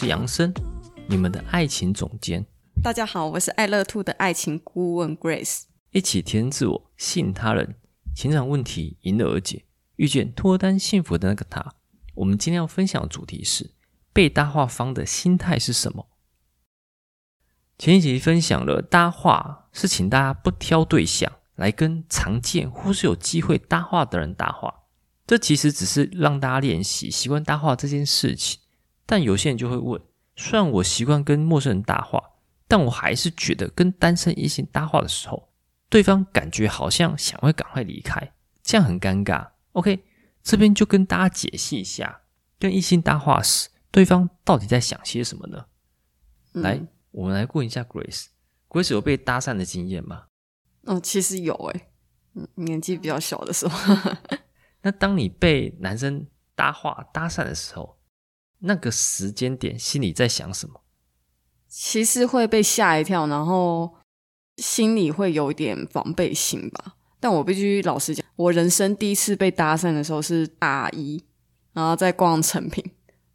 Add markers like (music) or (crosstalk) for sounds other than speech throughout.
是楊生，你們的愛情總監。大家好，我是愛樂兔的愛情顧問 Grace。一起提升自我，吸引他人，情感問題迎刃而解，遇見脫單幸福的那個他。我們今天要分享的主題是被搭話方的心態是什麼。前一集分享了搭話，是請大家不挑對象，來跟常見或是有機會搭話的人搭話。這其實只是讓大家練習習慣搭話這件事情。但有些人就會問：雖然我習慣跟陌生人搭話，但我還是覺得跟單身異性搭話的時候，對方感覺好像想會趕快離開，這樣很尷尬。OK，這邊就跟大家解析一下，跟異性搭話時，對方到底在想些什麼呢？嗯、來，我們來問一下 Grace，Grace Grace 有被搭訕的經驗嗎？嗯、哦，其實有誒，嗯，年紀比較小的時候。 (laughs) 那當你被男生搭話搭訕的時候，那個時間點心裡在想什麼？其實會被嚇一跳，然後心裡會有一點防備心吧。但我必須老實講，我人生第一次被搭訕的時候是大一，然後在逛誠品。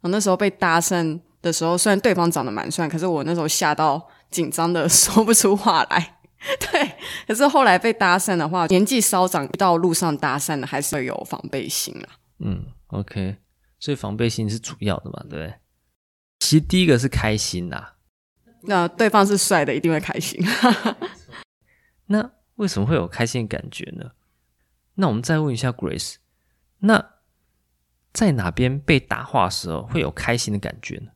然後那時候被搭訕的時候，雖然對方長得蠻帥，可是我那時候嚇到緊張的說不出話來。 (laughs) 對，可是後來被搭訕的話，年紀稍長，到路上搭訕的還是會有防備心啊。嗯，OK。所以防備心是主要的嘛，對不對？其實第一個是開心吶、啊，那、呃、對方是帥的，一定會開心。 (laughs) 那為什麼會有開心的感覺呢？那我們再問一下 Grace，那在哪邊被搭話時候會有開心的感覺呢？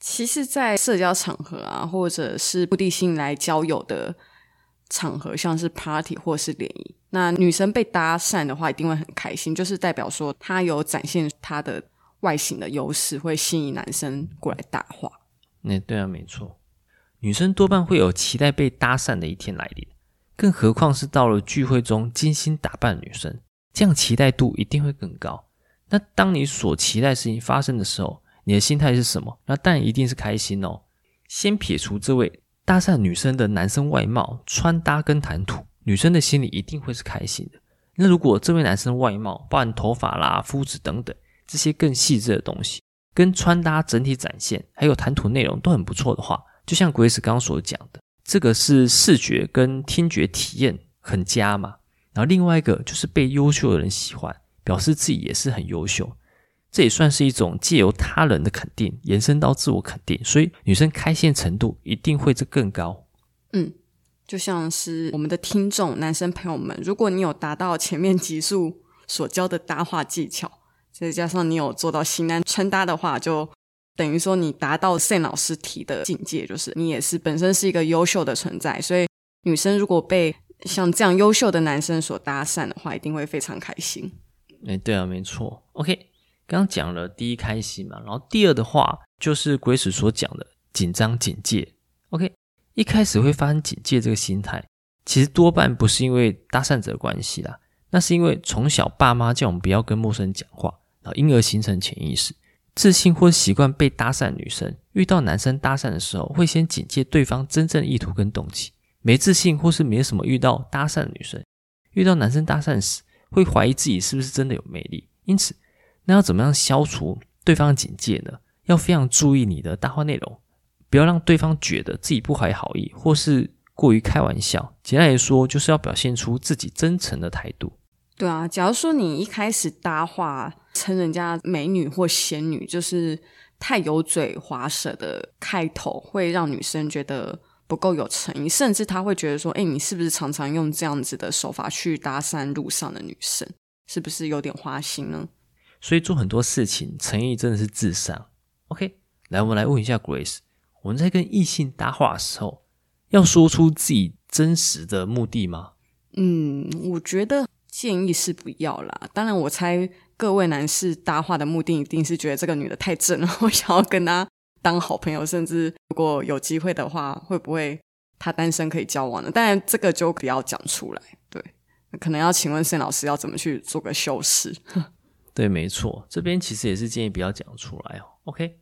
其實，在社交場合啊，或者是目的性來交友的。場合像是 party 或是聯誼，那女生被搭訕的話，一定會很開心，就是代表說她有展現她的外形的優勢，會吸引男生過來搭話。那、欸、對啊，沒錯，女生多半會有期待被搭訕的一天來臨，更何況是到了聚會中精心打扮女生，這樣期待度一定會更高。那當你所期待事情發生的時候，你的心態是什麼？那但一定是開心哦。先撇除這位。搭訕女生的男生外貌，穿搭跟談吐，女生的心裡一定會是開心的。那如果這位男生外貌，包含頭髮啦、膚質等等這些更細緻的東西，跟穿搭整體展現，還有談吐內容都很不錯的話，就像 Grace 剛剛所講的，這個是視覺跟聽覺體驗很佳嘛。然後另外一個就是被優秀的人喜歡，表示自己也是很優秀。這也算是一種借由他人的肯定延伸到自我肯定，所以女生開心程度一定會更高。嗯，就像是我們的聽眾男生朋友們，如果你有達到前面集數所教的搭話技巧，再加上你有做到型男穿搭的話，就等於說你達到 Sam 老師提的境界，就是你也是本身是一個優秀的存在。所以女生如果被像這樣優秀的男生所搭訕的話，一定會非常開心。哎，對啊，沒錯。OK。剛講了第一開心嘛，然後第二的話就是 Grace 所講的緊張警戒。OK，一開始會發生警戒這個心態，其實多半不是因為搭訕者關係啦，那是因為從小爸媽叫我們不要跟陌生人講話，因而形成潛意識，自信或習慣被搭訕女生，遇到男生搭訕的時候，會先警戒對方真正的意圖跟動機，沒自信或是沒什麼遇到搭訕女生，遇到男生搭訕時，會懷疑自己是不是真的有魅力，因此。那要怎麼樣消除對方的警戒呢？要非常注意你的搭話內容，不要讓對方覺得自己不懷好意或是過於開玩笑。簡單來說，就是要表現出自己真誠的態度。對啊，假如說你一開始搭話稱人家美女或仙女，就是太油嘴滑舌的開頭，會讓女生覺得不夠有誠意，甚至她會覺得說：“誒、欸、你是不是常常用這樣子的手法去搭訕路上的女生？是不是有點花心呢？”所以做很多事情，誠意真的是至上。OK，來，我們來問一下 Grace，我們在跟異性搭話的時候，要說出自己真實的目的嗎？嗯，我覺得建議是不要啦。當然，我猜各位男士搭話的目的一定是覺得這個女的太正了，我想要跟她當好朋友，甚至如果有機會的話，會不會她單身可以交往呢？當然，這個就不要講出來。對，可能要請問 Sam 老師要怎麼去做個修飾。 (laughs) 對，沒錯，這邊其實也是建議不要講出來哦。OK，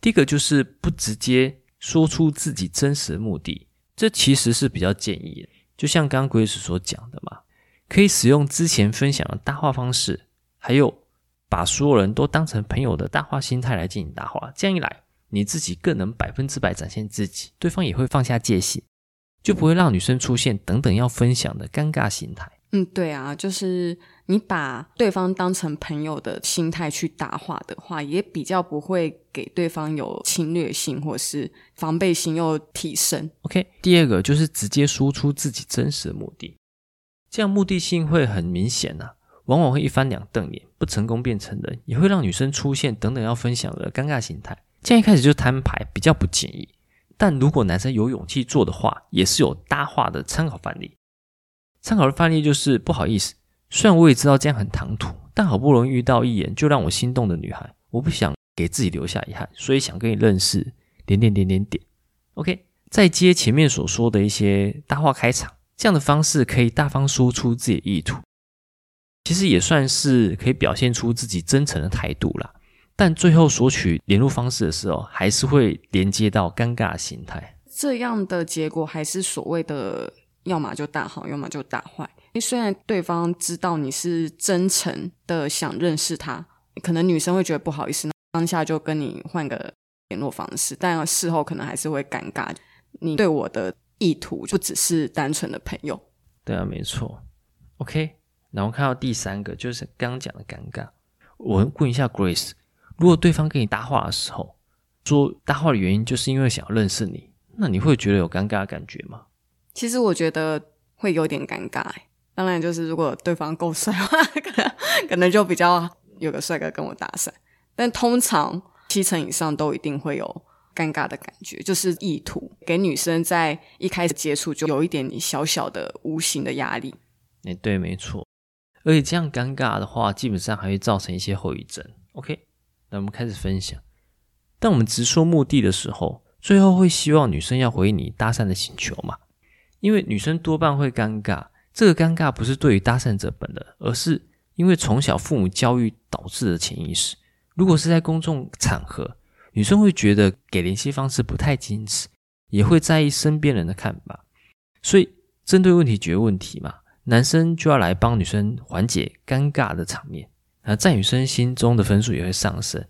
第一個就是不直接說出自己真實的目的，這其實是比較建議的。就像剛剛 Grace 所講的嘛，可以使用之前分享的搭話方式，還有把所有人都當成朋友的搭話心態來進行搭話。這樣一來，你自己更能百分之百展現自己，對方也會放下戒心，就不會讓女生出現等等要分享的尷尬心態。嗯，對啊，就是你把對方當成朋友的心態去搭話的話，也比較不會給對方有侵略性或是防備心又提升。OK，第二個就是直接說出自己真實的目的，這樣目的性會很明顯啊，往往會一翻兩瞪眼，不成功便成仁，也會讓女生出現等等要分享的尷尬心態。這樣一開始就攤牌，比較不建議。但如果男生有勇氣做的話，也是有搭話的參考範例。參考的範例就是，不好意思，雖然我也知道這樣很唐突，但好不容易遇到一眼就讓我心動的女孩，我不想給自己留下遺憾，所以想跟你認識。連點，連點，連點點點點點，OK。再接前面所說的一些搭話開場，這樣的方式可以大方說出自己的意圖，其實也算是可以表現出自己真誠的態度啦。但最後索取聯絡方式的時候，還是會連接到尷尬的心態。這樣的結果還是所謂的。要麼就大好，要麼就大壞。因為雖然對方知道你是真誠的想認識他，可能女生會覺得不好意思，那當下就跟你換個聯絡方式，但事後可能還是會尷尬。你對我的意圖不只是單純的朋友，對啊，沒錯。OK，然後看到第三個就是剛講的尷尬，我問一下 Grace，如果對方跟你搭話的時候說搭話的原因就是因為想要認識你，那你會覺得有尷尬的感覺嗎？其實我覺得會有點尷尬欸，當然就是如果對方夠帥的話，可能可能就比較有個帥哥跟我搭訕。但通常七成以上都一定會有尷尬的感覺，就是意圖給女生在一開始接觸就有一點你小小的無形的壓力。哎、欸，對，沒錯。而且這樣尷尬的話，基本上還會造成一些後遺症。OK，那我們開始分享。當我們直說目的的時候，最後會希望女生要回應你搭訕的請求嘛？因為女生多半會尷尬，這個尷尬不是對於搭訕者本人，而是因為從小父母教育導致的潛意識。如果是在公眾場合，女生會覺得給聯繫方式不太矜持，也會在意身邊人的看法。所以針對問題解決問題嘛，男生就要來幫女生緩解尷尬的場面，啊，在女生心中的分數也會上升。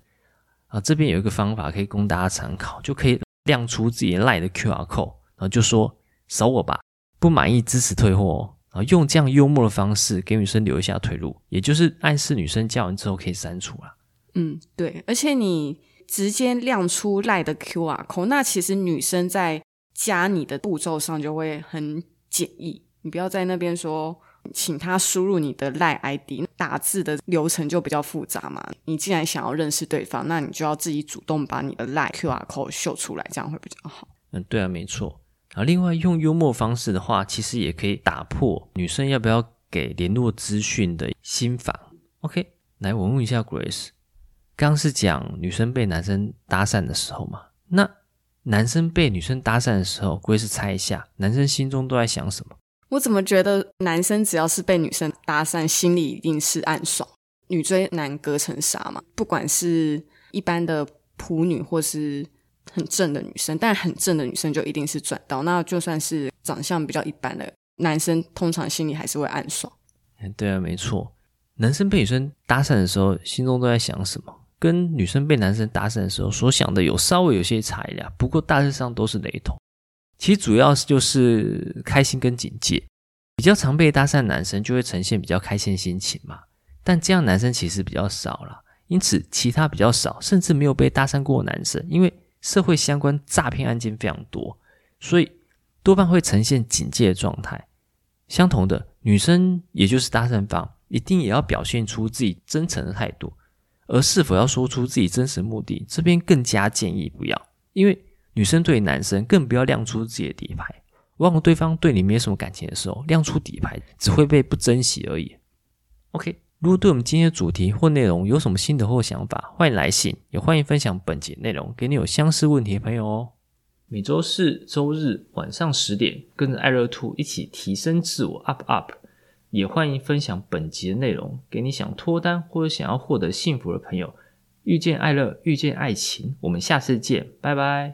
啊，這邊有一個方法可以供大家參考，就可以亮出自己 LINE 的 QR Code，然後就說，掃我吧，不滿意支持退貨哦。啊，用這樣幽默的方式給女生留一下退路，也就是暗示女生加完之後可以刪除了啊。嗯，對，而且你直接亮出賴的 Q R code，那其實女生在加你的步驟上就會很簡易。你不要在那邊說，請她輸入你的賴 I D，打字的流程就比較複雜嘛。你既然想要認識對方，那你就要自己主動把你的賴 Q R code 秀出來，這樣會比較好。嗯，對啊，沒錯。而另外用幽默方式的話，其實也可以打破女生要不要給聯絡資訊的心防。OK，來，我問一下 Grace，剛剛是講女生被男生搭訕的時候嘛？那男生被女生搭訕的時候，Grace 猜一下男生心中都在想什麼？我怎麼覺得男生只要是被女生搭訕，心裡一定是暗爽？女追男隔層紗嘛？不管是一般的普女，或是很正的女生，但很正的女生就一定是賺到，那就算是長相比較一般的男生，通常心裡還是會暗爽。哎、對啊，沒錯。男生被女生搭訕的時候，心中都在想什麼？跟女生被男生搭訕的時候所想的有稍微有些差異啊，不過大致上都是雷同。其實主要是就是開心跟警戒。比較常被搭訕男生就會呈現比較開心的心情嘛，但這樣男生其實比較少了，因此其他比較少，甚至沒有被搭訕過的男生，因為。社會相關詐騙案件非常多，所以多半會呈現警戒的狀態。相同的女生，也就是搭訕方，一定也要表現出自己真誠的態度，而是否要說出自己真實目的，這邊更加建議不要，因為女生對男生更不要亮出自己的底牌。往往對方對你沒什麼感情的時候，亮出底牌只會被不珍惜而已。OK。如果對我們今天的主題或內容有什麼心得或想法，歡迎來信，也歡迎分享本集內容給你有相似問題的朋友哦。每周四、周日晚上十點，跟着愛樂 Two 一起提升自我，up up。也歡迎分享本集的內容給你想脫單或者想要獲得幸福的朋友。遇見愛樂，遇見愛情。我們下次見，拜拜。